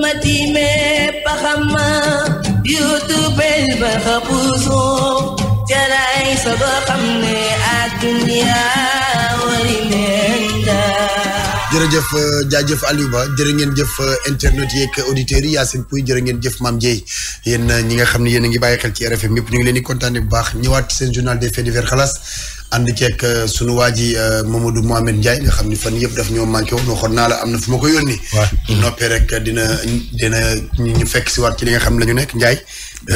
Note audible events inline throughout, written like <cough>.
mati me pakhama youtube ba khapuso jaray sa ba xamne adunya jërëjëf euh, jaajëf Aliou Ba jërë ngeen jëf euh, internet yeeg auditeurs yi Yacine Pouy jërë ngeen jëf Mame Ndiaye yéen euh, ñi nga xam ne yéen a ngi bàyyi xel ci RFM yëpp ñu ngi leen di kontaane bu baax ñëwaat seen journal de faits divers xalaas ànd ceeg sunu waa ji Mamadou Mohamed Ndiaye nga xam ni fan yëpp daf ñoo manqué woon waxoon naa la am na fu ma ko yónni noppee rek dina dina ñu fekk si waat ci li nga xam ne la ñu nekk Ndiaye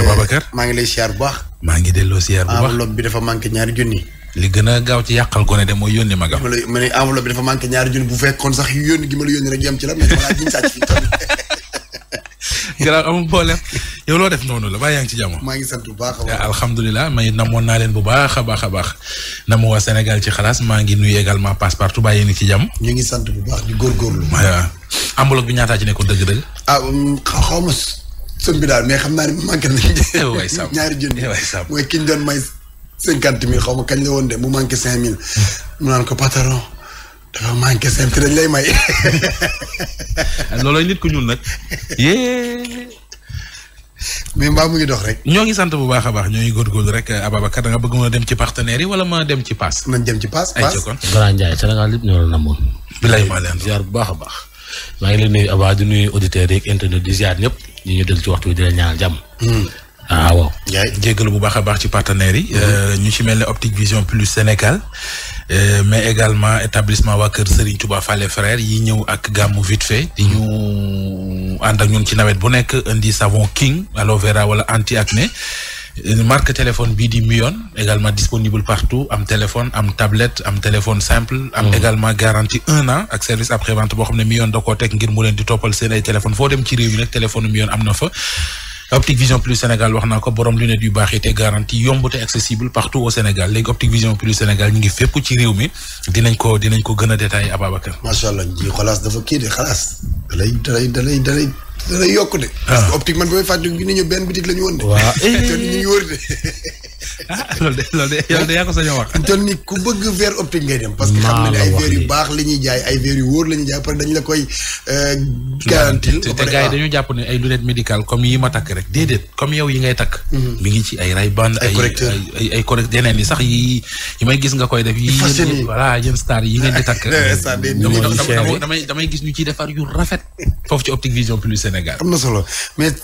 Babacar maa ngi lay siyaar bu baax maa ngi delloo siyaar bu ah, baax enveloppe bi dafa manqué ñaari junni li gën a gaaw ci yàqal gone de mooy yónni magam. ma lay ma ne enveloppe bi dafa manqué ñaari junni bu fekkoon sax yónni gi ma la yónni rek yem ci la mais dafa laaj ñu sàcc fi <laughs> gannaaw amul problème yow loo def noonu la baa yaa ngi ci jàmm. maa ngi sant bu baax a baax alhamdulilah may namoon naa leen bu baax a baax a baax. namu waa Sénégal ci xalaas maa ngi nuyu également Passepartout baa yéen ci jàmm. ñu ngi sant bu baax di góorgóorlu. waaw ambulog bi ñaataa ci nekkoon dëgg-dëgg. ah mm, xaw ma sën bi daal mais xam naa ne manqué nañu. <laughs> waay sàmm <laughs> ñaari jën waay sàmm mooy ki ñu doon may. cinquante mille xaw ma kañ la woon de mu manqué cinq mille. mu naan ko patron dafa manqué cinq mille te dañ lay may. <laughs> loolooy nit ku ñuul nag. mais mbaa mu ngi dox rek. ñoo ngi sant bu baax a baax ñoo ngi góorgóorlu rek Ababacar da nga bëgg mën dem ci partenaires yi wala ma dem ci paas. nañ dem ci paas paas ay kon. Grand Ndiaye Sénégal lépp ñoo la namoon. bilaay maa leen ziar bu baax a baax. maa ngi leen nuyu Aba di nuy auditeurs yeeg internet di ziar ñëpp ñu ñu del ci waxtu bi di la jàmm. Hmm. ah waaw. yaay bu baax a baax ci partenaires yi. Mm-hmm. Euh, ñu ci mel ne Optique Vision Plus Sénégal. Euh, mais également établissement waa kër Serigne Touba Fallé frère yi ñëw ak gàmmu vite fait. Mm-hmm. di ñu ànd ak ñun ci nawet bu nekk indi savon king aloe vera wala anti acné euh, marque téléphone bii di Mion également disponible partout am téléphone am tablette am téléphone simple. am mm-hmm. également garantie un an ak service après vente boo xam ne Mion da koo teg ngir mu leen di toppal seen ay téléphone dem ci réew mi nag téléphone Mion am na fa. Optique Vision Plus Sénégal wax naa ko borom lunette yu baax yi te garantie yomb te accessible partout au Sénégal léegi Optique Vision Plus Sénégal ñu ngi fépp ci réew mi dinañ ko dinañ ko gën a détaillé Ababacar. macha allah ji xalaas dafa kii de xalaas. dalay dalay dalay dalay. dalay yokk de. parce que ah. optique man ba may fàttali ñu ne ñu benn bitik la ñu woon de. waaw <laughs> te ñu ngi de. <laughs> lool <laughs> ah, loolu de loolu de yow de yaa ko sañoo wax. <laughs> parce que xam na ne ay verre yu ñuy jaay ay verre yu wóor la jaay parce dañ la koy. Euh, garantil te gars yi dañu jàpp ne ay lunette médical comme yi ma takk rek déedéet comme yow yi ngay takk. Mhm. mi ngi ci ay ray band. ay correcteur yi sax yi yi may gis nga koy def. yi yéen voilà yéen star yi ngeen di takk. <laughs> Eh, eh. damay gis ñu ciy defar yu rafet. foofu ci Optique Vision Plus Sénégal. am na solo mais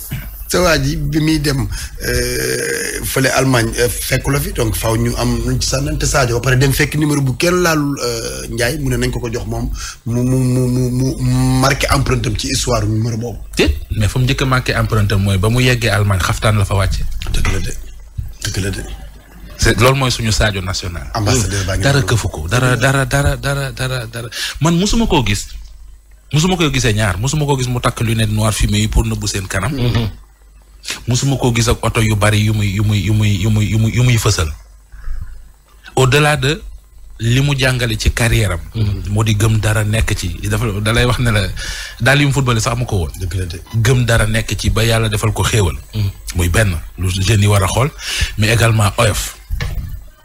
sa waa bi muy dem euh, fële Allemagne euh, fekk la fi donc faw ñu am luñ ci sànnante Sadio pare dem fekk numéro bu kenn laalul euh, njaay mun ne nañ ko ko jox moom mu mu mu mu mu marqué empreinte am ci histoire numéro boobu. te mais fu mu njëkk a marqué mooy ba mu yeggee Allemagne xaftaan la fa wàcce. dëgg la de loolu mooy suñu Sadio national. ambassadeur baa ngi dara këfu ko dara dara dara dara dara dara man musuma koo gis musuma koo gisee ñaar musuma koo gis mu takk lunette noire fumée yi pour nëbbu seen kanam. Mm-hmm. musuma koo gis ak oto yu bari yu muy yu muy yu muy yu muy yu muy yu muy fësal au-delà de li mu jàngale ci carrière mm-hmm. moo di gëm dara nekk ci dafa dalay wax ne la daal yu mu sax mu ko woon. gëm dara nekk ci ba yàlla defal ko xéewal. Mm-hmm. muy benn lu jeunes yi war a xool mais également oyof.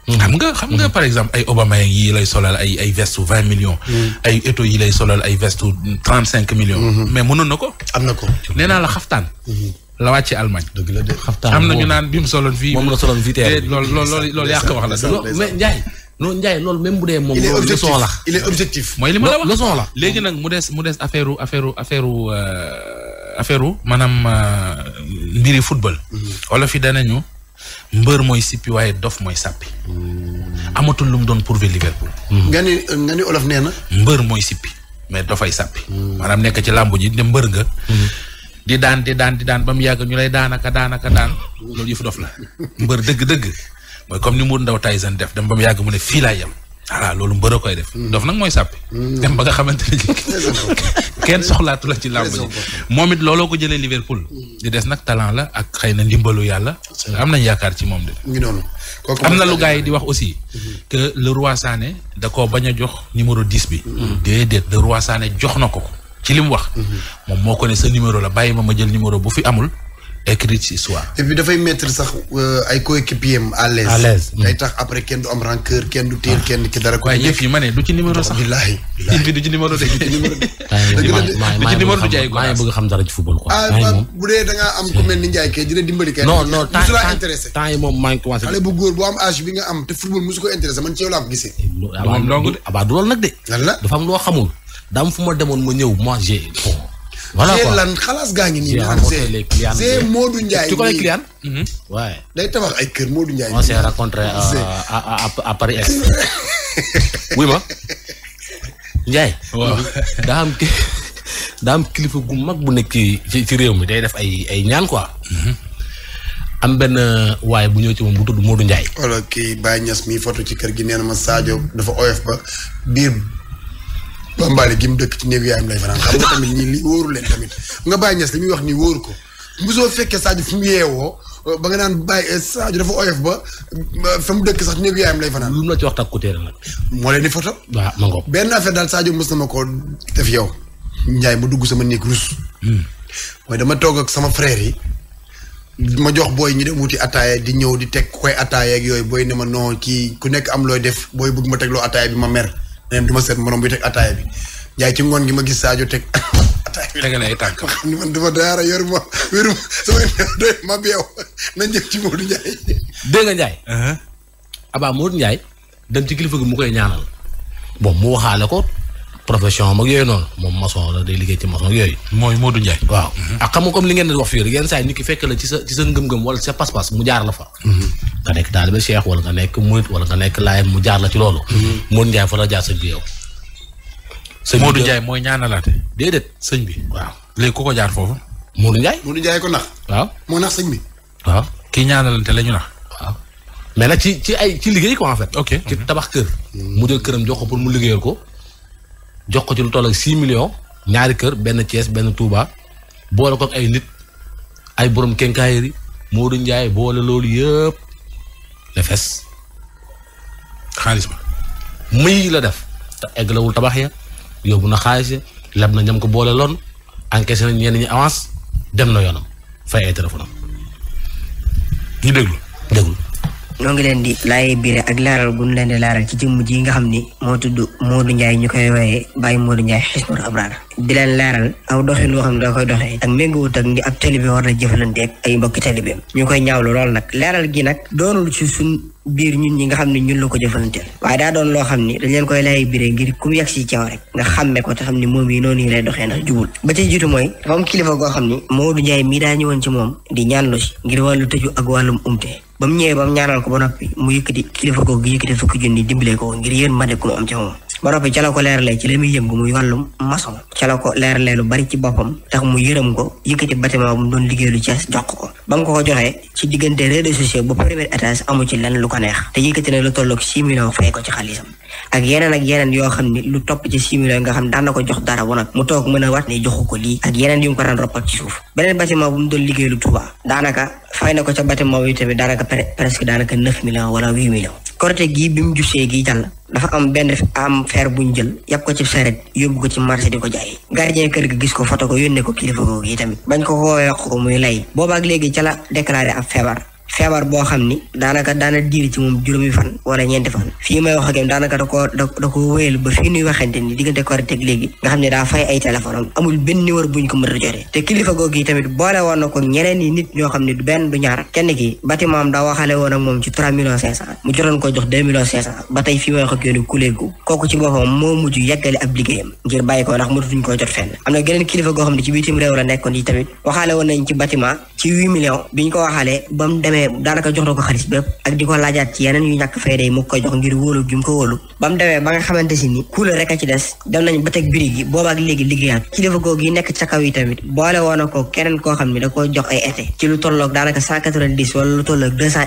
Mm-hmm. xam nga xam nga par exemple ay Obama yi lay solal ay ay vestu vingt millions. ay Eto'o yi lay solal ay vestu trent cinq million mais mënoon na ko. am na ko nee la xaftaan. la wàcc Allemagne. dëgg la de xaftaan am na ñu naan bi mu soloon fii. moom la soloon fii tey rek loolu loolu loolu yàq wax la. mais Ndiaye loolu Ndiaye loolu même bu dee moom. il est la. il mooy li ma la wax la. léegi nag mu des mu des affaire affaire affaire euh, affaire maanaam euh, mbiri football. wala fi ñu mbër mooy sippi waaye dof mooy sàppi. Mm. amatul lu mu doon prouver Liverpool. Mm-hmm. nga olof nee na. mbër mooy sippi mais dofay sàppi. Mm. maanaam nekk ci làmb ji ne mbër nga. Mm-hmm. di daan di daan daan ba mu yàgg ñu lay daanaka daanaka daan loolu yëfu dof la mbër dëgg-dëgg mooy comme ni ndaw Ndao Tyson def dem ba mu yàgg mu ne fii laa yem voilà loolu mbër a koy def mm. dof nag mooy sàppi mm. dem ba nga xamante ne <laughs> kenn soxlaatu la ci làmb moom it looloo ko jëlee Liverpool mm. di des nag talent la ak xëy na ndimbalu yàlla am nañ yaakaar ci moom de am na lu gars yi di wax aussi mm-hmm. que le roi Sané da koo bañ a jox numéro 10 bi mm-hmm. déedéet le roi Sané jox na ko ko ci li mu wax. Mhm. moom moo ko ne sa numéro la bàyyi ma ma jël numéro bu fi amul. écrit ci histoire. et dafay mettre sax euh, ay coéquipier am à à l'aise mhm. day après kenn du am rancœur kenn du teel ah. kenn ci numéro sax. billaahi billaahi du ci numéro de. <laughs> du ci numéro de. <laughs> du ci xam dara ci football quoi. ah bu dee da ngaa am ku mel ni Ndiaye kay dina dimbali. kay non non temps temps moom maa bi nga am te football mosu man ci yow laa gisee. moom dong de du loolu nag de. lan la dafa am loo xamul. daam fu ma demoon ma ñëw moi j'ai bon. lan xalaas gaa ngi nii. c'est Modou Ndiaye. tu connais client. Mhm. day tabax ay kër Modou Ndiaye. on daa am kilifa gu mag bu nekk ci ci réew mi day def ay ay ñaan quoi. Mhm. am benn euh, waaye bu ñëw ci moom bu tudd Modou Ndiaye. wala kii Baye Niass mii foto ci kër gi nee na ma Sadio dafa oyof ba biir. bambaale gi mu dëkk ci néegu yaayam lay fanaan xam nga tamit ñi li wóoru leen tamit nga bàyyi ñes li wax nii wóoru ko mosoo fekkee Sadio fu mu yeewoo ba nga naan bàyyi eh, Sadio dafa oyof ba fa mu dëkk sax néegu yaayam lay fanaan. lu mu la ci wax takku téere nag. moo leen di photo. waaw ma benn affaire daal Sadio mos na ma koo def yow. njaay ma dugg sama néeg rus. Hmm. mooy dama toog ak sama frère yi. ma jox booy ñu dem wuti attaaya di ñëw di teg koy attaaya ak yooyu booy ne ma non kii ku nekk am looy def booy bëgg ma teg loo attaaya bi ma mer. dem du ma seet morom buy teg ataaya bi jaay ci ngoon gi ma gis Sadio teg <coughs> ataaya bi. tege na ay ma man dama daara yor ma wéru sama doy ma beew nañ jëm ci Modou Ndiaye. dégg nga Ndiaye. Uh-huh. abaa Modou Ndiaye dem ci kilifa gi mu koy ñaanal bon mu waxaale ko profession mag yooyu noonu moom maçon la day liggéey ci maçon yooyu. mooy Modou Ndiaye. waaw mhm. ak ah, xam nga comme li ngeen di wax fii rek yenn saa yi nit ki fekk la ci sa ci sa ngëm-ngëm wala sa pas-pas mu jaar la fa. Mhm. nga nekk taalibe Cheikh wala nga nekk nga nekk laay mu jaar la ci loolu. Mhm. Modou Ndiaye fa la jaar sëñ bi yow. sëñ bi mooy ñaanalaate. déedéet sëñ bi. waaw léegi ku ko jaar foofu. moo Modou moo Modou Ndiaye ko nax. waaw moo nax sëñ bi. waaw kii ñaanalante la ñu nax. waaw mais nag ci ci ay ci liggéey quoi en fait. ok ci tabax kër. mu jël këram jox ko pour mu liggéeyal ko jox ko ci lu toll ak 6 millions ñaari kër benn Thiès benn Touba boole ko ak ay nit ay borom kenkaayeri Modou njaay boole loolu yëpp ne fes xaalis ba muy la def te egglawul tabax ya yóbbu na xaalis ya leb na ñam ko boole loon encaissé nañ ñenn ñi avance dem na yoonam fay ay téléphone am. déglu déglu. ñoo ngi leen di laay biire ak laaral gun leen di laaral ci jëmm ji nga xam ni moo tudd Modou Ndiaye ñu koy wooyee Baye Modou Ndiaye Hizbul Abraar di leen laaral aw doxin woo xam ne da koy doxee ak méngoowut ak ni ab talibe war na jëfalanteeg ay mbokki talibeem ñu koy ñaawlu lool nag laaral gi nag doonul ci suñ biir ñun ñi nga xam ne ñun la ko jëfalanteel waaye daa doon loo xam ni dañ leen koy laay biire ngir ku mu yegg si caw rek nga xàmme ko te xam ni moom yi noonu yi lay doxee na jubul ba ci jiitu mooy dafa am kilifa goo xam ni Modou Ndiaye mii daa ñëwoon ci moom di ñaan lu si ngir wàllu tëju ak wàllum umte ba mu ñëwee ba mu ñaanal ko ba noppi mu yëkkati kilifa googu yëkkati fukki junni dimbale ko ngir yéen ma nekk mu am ci moom ba noppi ca ko leeralee ci la muy yëngu muy wàllum la ko leeralee mu yërëm ko yëkkati bâtiment doon liggéey lu Cees jox ko ba ko ko joxee ci diggante réseaux sociaux ba premier étage amu ci lenn lu ko neex te yëkkati na lu tolloog six fay ko ci xaalisam ak yeneen ak yeneen yoo xam ne lu topp ci similo nga xam daan na jox dara woon mu toog mën a wat ne joxu ko lii ak yeneen yu mu ko daan roppal ci suuf beneen bâtiment bu mu doon liggéey lu Tuuba daanaka fay na ko ca bâtiment bi mu jusee gii jàll dafa am benn am fer bu ñu jël ko ci saret yóbbu ko ci marché di ko jaay gardien kër gis ko foto ko yónnee ko kilifa googu yi tamit bañ ko woowee wax ko muy lay boobaak léegi ca la déclaré feebar feebar boo xam ni daanaka daana diir ci moom juróomi fan wala ñeenti fan fii may wax daanaka da koo da ba fii nuy waxante ni diggante Korite ak te kilifa googu yi xam ne daa waxale woon ak moom ci 3 ci boppam moo mujj yàggale ko waxaale woon demee demee daanaka jox na ko xaalis bépp di ko laajaat ci yeneen yu ñàkk fayday mu ko jox ngir wóolu gi ko wóolu ba demee ba nga xamante si ni kuule rek a ci des dem nañ ba teg birig gi boobaak léegi liggéeyaat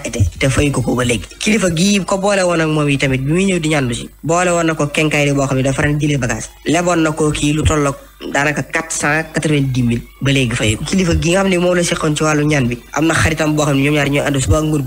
été te fay ko ko ba léegi kilifa gii ko boole woon moom yi bi muy ñëw di ñàndu si boole woon kenkaay di boo xam ne dafa ren jëlee bagage leboon na ko kii lu tolloog daanaka quatre cent quatre-vingt-dix mille ba léegi fay kilifa gi xam ne moom la seqoon ci wàllu ñaan bi am na xaritam boo xam ne ñoom ñaar ñooy ànd suba ngoon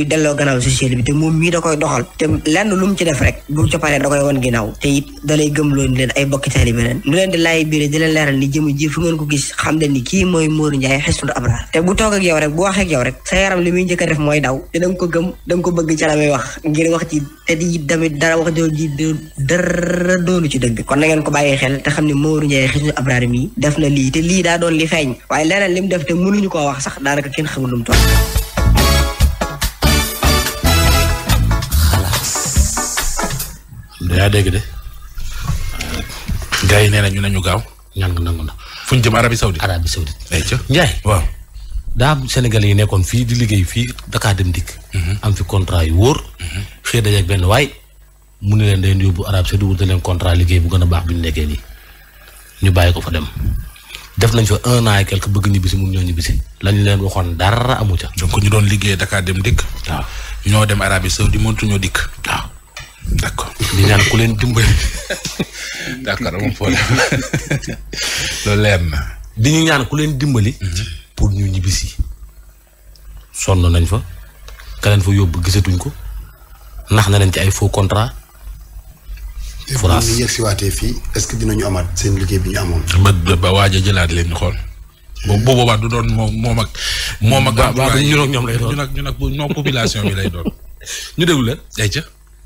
guddeeg ko doxal te lenn lu ci def rek bu ca da koy wan ginnaaw te it da gëm loolu leen ay bokki taalibe leen nu leen di laay biire di leen leeral ni jëm ji fu ngeen ko gis xam leen kii mooy Modou Ndiaye Hizbul Abraham te bu toog ak rek bu wax ak rek sa yaram li muy njëkk a wax ngir wax ci te di damit dara wax jooju dara doonu ci dëgg kon na ngeen ko bàyyi xel te xam ne Maodo Ndiaye xëy na Abrahima mi def na lii te lii daa doon li feeñ waaye leneen lim def te mënuñu koo wax sax daanaka kenn xamul lu mu toll. yaa dégg de gars yi nee na ñu nañu gaaw ñang nangu na fu ñu jëm Arabie Saoudite Arabie Saoudite waaw daa am Sénégalais yi nekkoon fii di liggéey fii dakaa dem dikk. Mhm. am fi contrat yu wóor. Mhm. xëy na benn waaye mu ne leen day yóbbu Arabie Saoudite wutal leen contrat liggéey bu gën a baax bi ñu nekkee nii ñu bàyyi ko fa dem. def nañ fa un an quelque bëgg ñibbisi mun ñoo ñibbisi lañu leen waxoon dara amu ca. donc ñu doon liggéey dakaa dem dikk. waaw ñoo dem Arabie Saoudite mënatuñoo dikk. waaw d' accord. di ku leen dimbali. d' accord amul problème loolu ñaan ku leen dimbali. <laughs> <laughs> bis yi sonn nañ fa ka leen yóbbu gisatuñ ko nax na leen ci ay faux contrat. France ñu yegg si waatee fii est que dinañu amaat seen liggéey bi ñu amoon. ba ba waaj a jëlaat leen ñu xool. boobu boobaa du doon moom moom ak. moom ak ñun ak ñoom lay doon ñun ak ñun ak population bi lay doon. <laughs> ñu déglu la ay ca.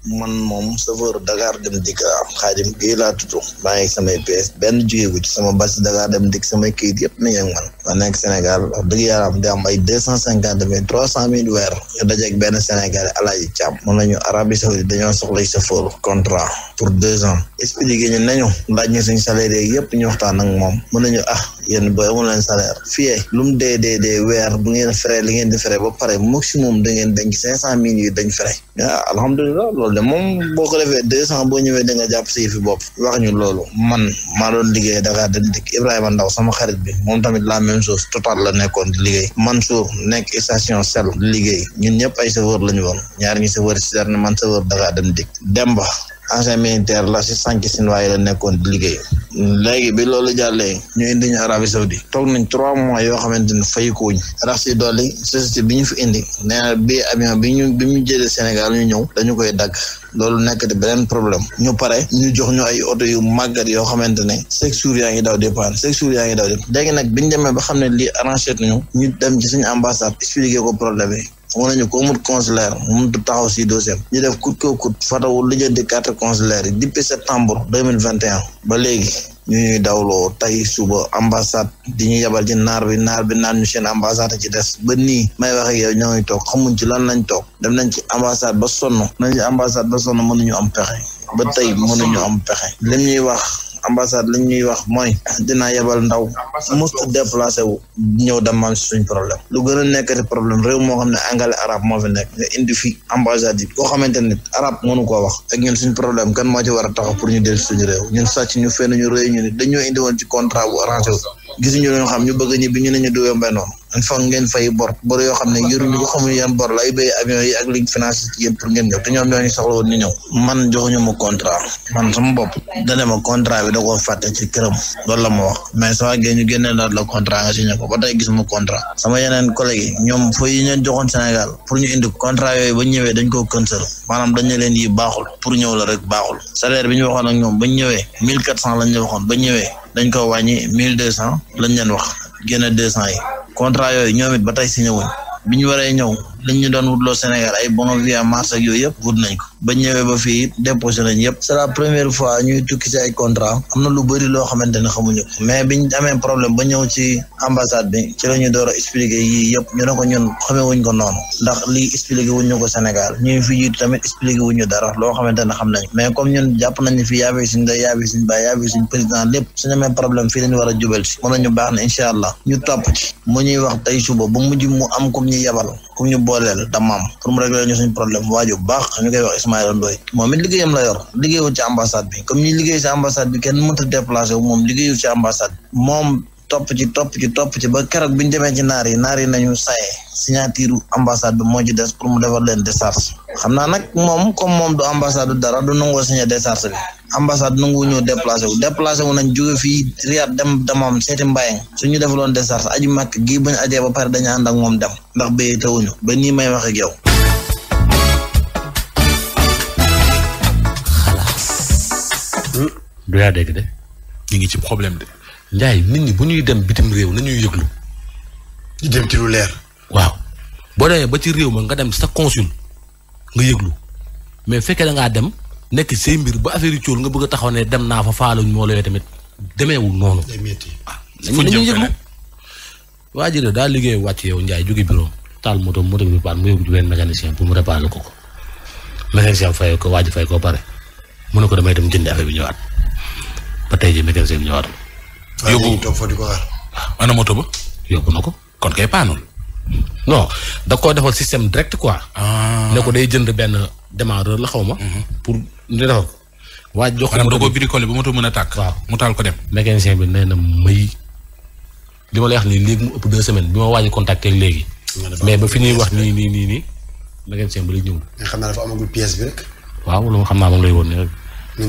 man moom chauffeur dagar dem dikk am xaadim kii laa tudd maa ngi samay pees benn jógeegu ci sama basi Dakar dem dikk samay kayit yëpp mi man ma nekk Sénégal wax yaram da am ay deux cent cinquante mille trois cent mil weer ñu dajeeg benn Sénégalais Alaaji Caam mën nañu Arabie Saoudite dañoo soxlay chauffeur contrat pour deux ans expliqué ñu nañu laaj ñu suñ salaire yëpp ñu waxtaan ak moom mën nañu ah yéen booy amul leen salaire fii lu mu dee dee dee weer bu ngeen frais li ngeen di frais ba pare maximum da ngeen denc cinq cent mille yu dañ frais ah alhamdulilah loolu de moom boo ko defee deux cent boo ñëwee da nga jàpp si fi bopp wax ñu loolu man maa doon liggéey Dakar dem dikk Ibrahima Ndaw sama xarit bi moom tamit la même chose total la nekkoon di liggéey Mansour nekk station sel liggéey ñun ñëpp ay chauffeur la ñu woon ñaar ñi chauffeur si man chauffeur Dakar dem ancien militaire la si sànq si waaye la nekkoon di liggéey léegi bi loolu jàllee ñu indi ñu Arabie Saoudi toog nañ trois mois yoo xamante ni fay ko ñu rax si dolli société bi ñu fi indi nee bi avion bi ñu bi ñu jëlee Sénégal ñu ñëw dañu koy dagg loolu nekk di beneen problème ñu pare ñu jox ñu ay oto yu màggat yoo xamante ne chaque jour yaa ngi daw dépendre chaque yaa ngi daw dépendre léegi nag biñ demee ba xam ne li arrangé nañu ñu dem ci suñu ambassade expliqué ko problème yi a ñu ko amul consulaire mënut taxaw si dossier ñu def coûte que coûte fatawul lijjanti carte consulaire yi depuis septembre deux mille vingt et un ba léegi ñu ñuy dawloo tey suuba ambassade di ñu yabal ci naar bi naar bi naan ñu seen ambassade ci des ba nii may waxe yow ñoo ngi toog xamuñ ci lan nañ toog dem nañ ci ambassade ba sonn nañ ci ambassade ba sonn mënuñu am pexe ba tey ñu am pexe lim ñuy wax. ambassade li ñuy wax mooy dinaa yebal ndaw must déplacé wu ñëw damam suñ problème lu gën a nekkati problème réew moo xam ne angale arab moo fi nekk nga indi fi ambassade yi koo xamante ne arab mënu koo wax ak ñun suñ problème kan moo ci war a taxaw pour ñu dellu suñu réew ñun sàcc ñu fenn ñu réew ñu ni dañoo indi woon ci contrat bu arrangé gisuñu loo xam ñu bëgg ñibbi ñu ne ñu du yombee noonu il faut ngeen fay bor bor yoo xam ne yoruñu ko xamuñu yan bor lay béy avion yi ak liñ financé ci yëpp ngeen ñoom man joxuñu ma man sama bopp dane ma bi da koo ci këram loolu la ma wax mais sama gén ñu génnee daat la contrat nga signé ko gis tey contra sama yeneen collègue ñoom fo yi ñeen joxoon Sénégal pour ñu indi contrat yooyu ba ñëwee dañ koo cancel maanaam dañu leen yi baaxul pour ñëw la rek baaxul salaire bi ñoom ba ñëwee mille quatre lañ ñu waxoon ñëwee dañ ko wàññi mille deux cent lañ leen wax génne deux cent yi contrat yooyu ñoom ba tey si ñëwuñ bi ñu waree ñëw lañ ñu doon wutloo Sénégal ay bon via mars yooyu yëpp wut ko ba ñëwee ba fii it déposé nañ yëpp c'est fois ñuy tukki ay contrat am na lu bëri loo xamante ne xamuñu ko mais biñ amee problème ba ñëw ci ambassade bi ci la ñu door a expliqué yii ñu ne ko ñun xamee wuñ ko noonu ndax lii expliqué wuñ ñu ko Sénégal ñuy fi jiitu tamit expliqué dara loo xamante ne xam nañ mais comme ñun jàpp nañ fi yaabee suñ day yaabee suñ baay yaabee suñ président lépp fii lañu war a jubal si mën nañu baax na incha allah ñu topp ci mu ñuy wax tey suba ba mujj mu am comme ñu yabal ku ñu booleel damam pour mu régler ñu suñu problème waaju baax ñu koy wax Ismaïla Ndoye moom it liggéeyam la yor liggéeyul ci ambassade bi comme ñi liggéey ci ambassade bi kenn mënta déplacé wu moom liggéeyul ci ambassade moom topp ci topp ci topp ci ba keroog bi ñu demee ci naar yi naar yi nañu saye signature ambassade bi moo ci des pour mu defal leen décharge xam naa nag moom comme moom du ambassade du dara du nangoo signé décharge bi ambassade nangu ñëw déplacé wu déplacé wu nañ jóge fii Riyad dem damam seeti Mbayang suñu defaloon décharge aju màkk gii bañ ajee ba pare dañ ànd ak moom dem ndax béyee tawuñu ba nii may wax ak yow hmm? du yaa dégg de ñu ngi ci problème de Ndiaye nit ñi bu ñuy dem bitim réew nañuy yëglu. ñu dem leer. waaw boo demee ba ci réew ma nga dem sa consul nga yëglu mais fekkee da ngaa dem nekk say mbir ba affaire yu cóol nga bëgg a taxaw ne dem naa fa faaluñ moo lay tamit demeewul noonu. day métti ah, nañuy yëglu waa ji daa liggéey wàcc yow Ndiaye jóge bureau taal moto moto bi paan mu yóbbu ci benn mécanicien pour mu réparer ko ko mécanicien fay ko waa ji fay ko pare mu ne ko damay dem jënd affaire bi ñëwaat ba tey ji mécanicien bi ñëwaat yóbbu toog fa di ko xaar. moto ba yóbbu na ko kon kay paanul. non da koo defal système direct quoi. Ah. ne ko day jënd benn démarreur la xaw ma. Mhm. pour ñu defal ko. waa jox ko maanaam da koo bricolé ba moto mën a tàkk. waaw mu taal ko dem. mécanicien bi nee na may li ma lay wax nii léegi mu ëpp deux semaines bi ma waaj a léegi. mais ba fi ñuy wax nii nii nii nii mécanicien bi lay ñëw. mais xam naa dafa amagul pièce bi rek. waaw loolu xam naa moom lay woon ne rek. ñu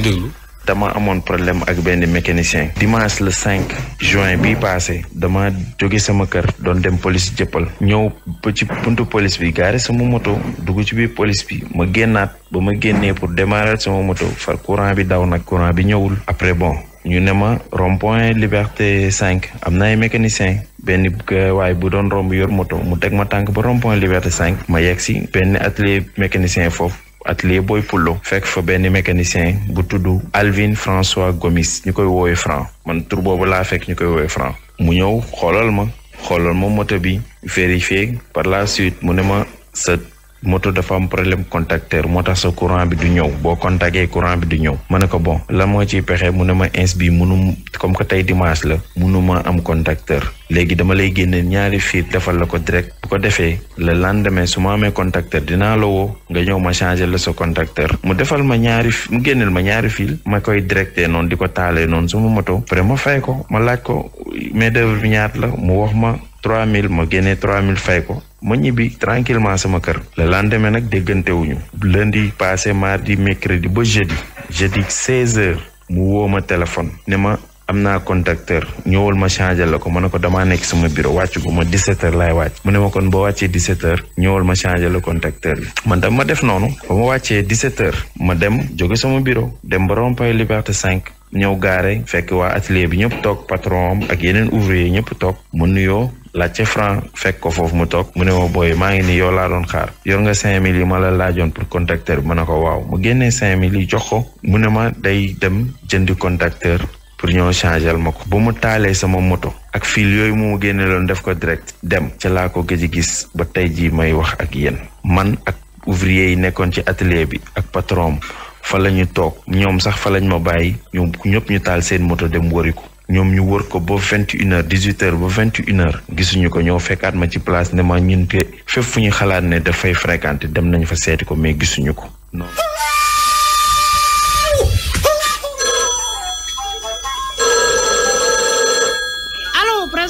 déglu. <laughs> dama amoon problème ak benn mécanicien dimanche le 5 juin bi passé dama jóge sama kër doon dem police jëppal ñëw ba ci buntu police bi gaare sama moto dugg ci biir police bi ma génnaat ba ma génnee pour démarrer sama moto far courant bi daw nag courant bi ñëwul après bon ñu ne ma rond-point liberté 5 am na ay mécanicien benn waay bu doon romb yor moto mu teg ma tànk ba rond-point liberté cinq ma yegg si benn atelier mécanicien foofu atelier booy pullo fek fa benn mécanicien bu tudd Alvin François Gomis ñu koy woowee franc man tur boobu laa fekk ñu koy woowee franc mu ñëw xoolal ma xoolal ma moto bi vérifié par la suite mu ne ma sa moto dafa am problème contacteur moo tax sa courant bi du ñëw boo contacté courant bi du ñëw ma ne ko bon la moo ciy pexe mu ne ma ins bi munu comme que tey dimanche la munuma am contacteur léegi dama lay génne ñaari fiir defal la ko direct bu ko defee le lendemain su ma amee contacteur dinaa la woo nga ñëw ma changer la sa contacteur mu defal ma ñaari mu génneel ma ñaari fil ma koy directé noonu di ko taalee noonu suma moto après ma fay ko ma laaj ko main d'œuvre ñaata la mu wax ma trois mille ma génnee trois mille fay ko ma ñibbi tranquillement sama kër le lendemain nag déggantewuñu lundi passé mardi mercredi ba jeudi jeudi 16 heures mu woo ma téléphone ne ma am naa contacteur ñëwal ma changé la ko ma ne ko damaa nekk sama bureau wàcc ko ma 17h laay wàcc mu ne ma kon boo wàccee 17h ñëwal ma changé la contacteur bi man dama def noonu ba ma wàccee 17h ma dem joge sama bureau dem ba rond-point Liberté cinq ñëw gaare fekk waa atelier bi ñëpp toog patron am ak yeneen ouvrier ñëpp toog mu nuyoo laajte franc fekk ko foofu mu toog mu ne ma booy maa ngi ni yow laa doon xaar yor nga cinq mille yi ma la laajoon pour contacteur bi ma ne ko waaw mu génnee cinq mille yi jox ko mu ne ma day dem jëndi contacteur pour ñoo changel ma ko bu mu taalee sama moto ak fil yooyu mu génne loon def ko direct dem ca laako ko gëj gis ba tey ji may wax ak yéen man ak ouvrier yi nekkoon ci atelier bi ak patron fa la ñu toog ñoom sax fa lañ ma bàyyi ñoom ñëpp ñu taal seen moto dem wëri ko ñoom ñu war ko ba vingt une heure dix huit heures ba vingt une heure gisuñu ko ñoo fekkaat ma ci place ne ma ñun te fépp fu ñu xalaat ne dafay fréquenté dem nañ fa seeti ko mais gisuñu ko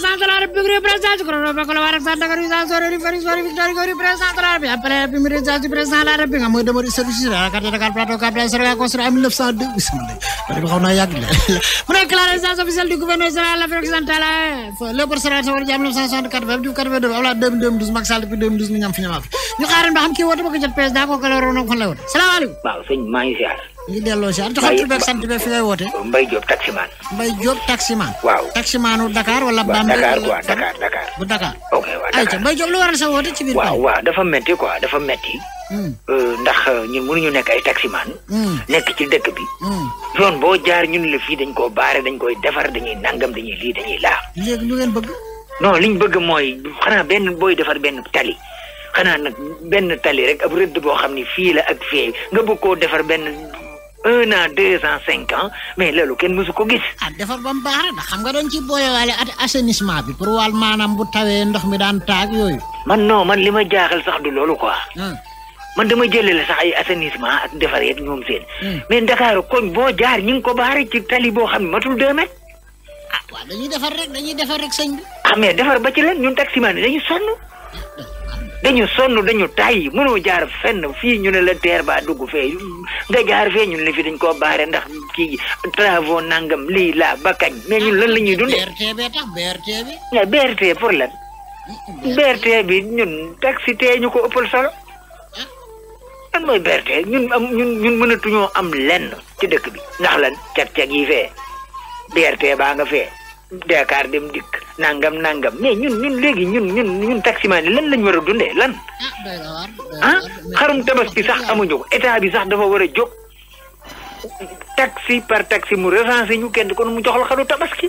representanlar Bugri prezidenti Kurulu Kulavar Santa Gari San Sori Fari Sori Victory Gori presentanlar Yapre Bimri Zazi presentanlar Binga Moda Mori Sori Sira Kata Dakar Plato Kapra Sira Kosra 1902 Bismillah Bari Bakau Naya Gila Muna Clarence Officiel du Gouverneur Général Afrique Centrale Le Personnel Sawar Jam 1964 Vab du 42 Ola 2012 Maxal depuis 2012 Ni Ngam Fina Maf Ñu xaaran ba xam kii woote ba ko jot président ko kala roon ak fan la woon salaamaaleykum waaw sëñ maa ngi ziar ñu delloo si àdduna tur beeg sant beeg fi ngay woote. Mbaye Diop taximan. Mbaye Diop taximan. waaw taximanu Dakar wala. Bambey Dakar quoi Dakar Dakar. bu Dakar. ok waaw sa woote ci biir. waaw waaw dafa metti quoi dafa metti hmm. euh, ndax euh, ñun mënuñu nekk ay taximan. Hmm. nekk ci dëkk bi. Hmm. yoon boo jaar ñun la fii dañ koo baare dañ koy defar dañuy nangam dañuy lii dañuy laa. léegi lu ngeen bëgg. non liñ bëgg mooy xanaa benn booy defar benn tali. xanaa nag benn tali rek ab rëdd boo xam ne fii la ak fii nga bëgg koo defar benn un an deux ans cinq ans mais loolu kenn mësu ko gis. ah defar ba mu baax ndax xam nga doon ci booyewaale at assainissement bi pour wàll maanaam bu tawee ndox mi daan taag yooyu. man non man li ma jaaxal sax du loolu quoi. Hmm. man dama jëlale sax ay assainissement ak defar yeeg ñoom seen. Hmm. mais Dakar koñ boo jaar ñu ko baare ci tali boo xam ne matul deux mètres. ah waaw dañuy defar rek dañuy defar rek sëñ bi. ah mais defar ba ci leen ñun taximaan yi dañuy sonn. dañu sonn dañu tay mënoo jaar fenn fii ñu ne la teer ba dugg fee nga jaar fee ñun la dañ koo baare ndax kii travaux nangam lii la ba kañ mais ñun lan la ñuy dundee. Ah, BRT bee bi. pour lan. BRT bi ñun taxi tee ñu ko ëppal solo. Ah. lan mooy BRT ñun am ñun ñun am lenn ci dëkk bi. ndax lan cag-cag yi fee BRT baa nga fee. Dakar dem dikk nangam nangam mais ñun ñun léegi ñun ñun ñun taximaan yi lan lañ war a dundee lan. ah, ah? xarum tabaski sax amuñu ko état bi sax dafa war a jóg taxi par taxi mu recensé ñu kenn kon mu jox la xaru tabaski.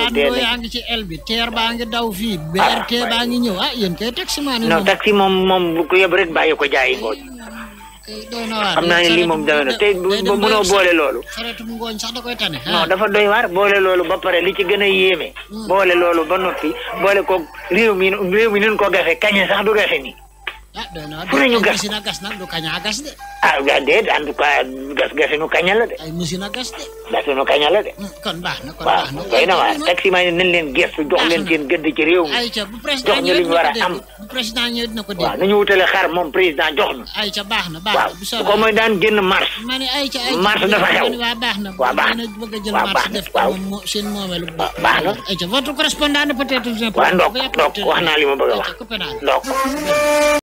Tornado yaa ngi ci bi teer baa ngi daw fii. BRT ah, baa ngi ñëw ah yéen kay taxi maa ni non taxi moom moom ku yeb rek bàyyi ko jaayi ngooñ. xam naa ne lii moom doy na te mënoo boole loolu. sareetu ngooñ sax da koy tane. non ah. dafa doy waar boole loolu ba pare li ci gën a yéeme. Hmm. boole loolu ba noppi boole ko réew mi réew mi nun ko gafe kañe sax du gafe nii. ah doy na ku nañu ah, ah, gas hmm, machine a gas nag du kaña a gas de. ah déet de. ay machine a gas de. gasinu kaña la de. kon baax na kon baax na. waaw doy na waar taximan yi nañ leen gestu jox leen seen gëdd ci réew mi. ayca bu président ñëwee dina ko dégg jox ñu li ñu war a am. bu président ñëwee dina ko dégg. waaw nañu wutale xar moom président jox na. baax na baax na bu soobee waaw ko mooy daan génn mars. ma ne ayca ayca mars dafa xew. waaw baax na waaw baax na waaw baax na waaw baax na. ayca votre correspondant peut-être. waaw ndox ndox wax naa li ma bëgg a wax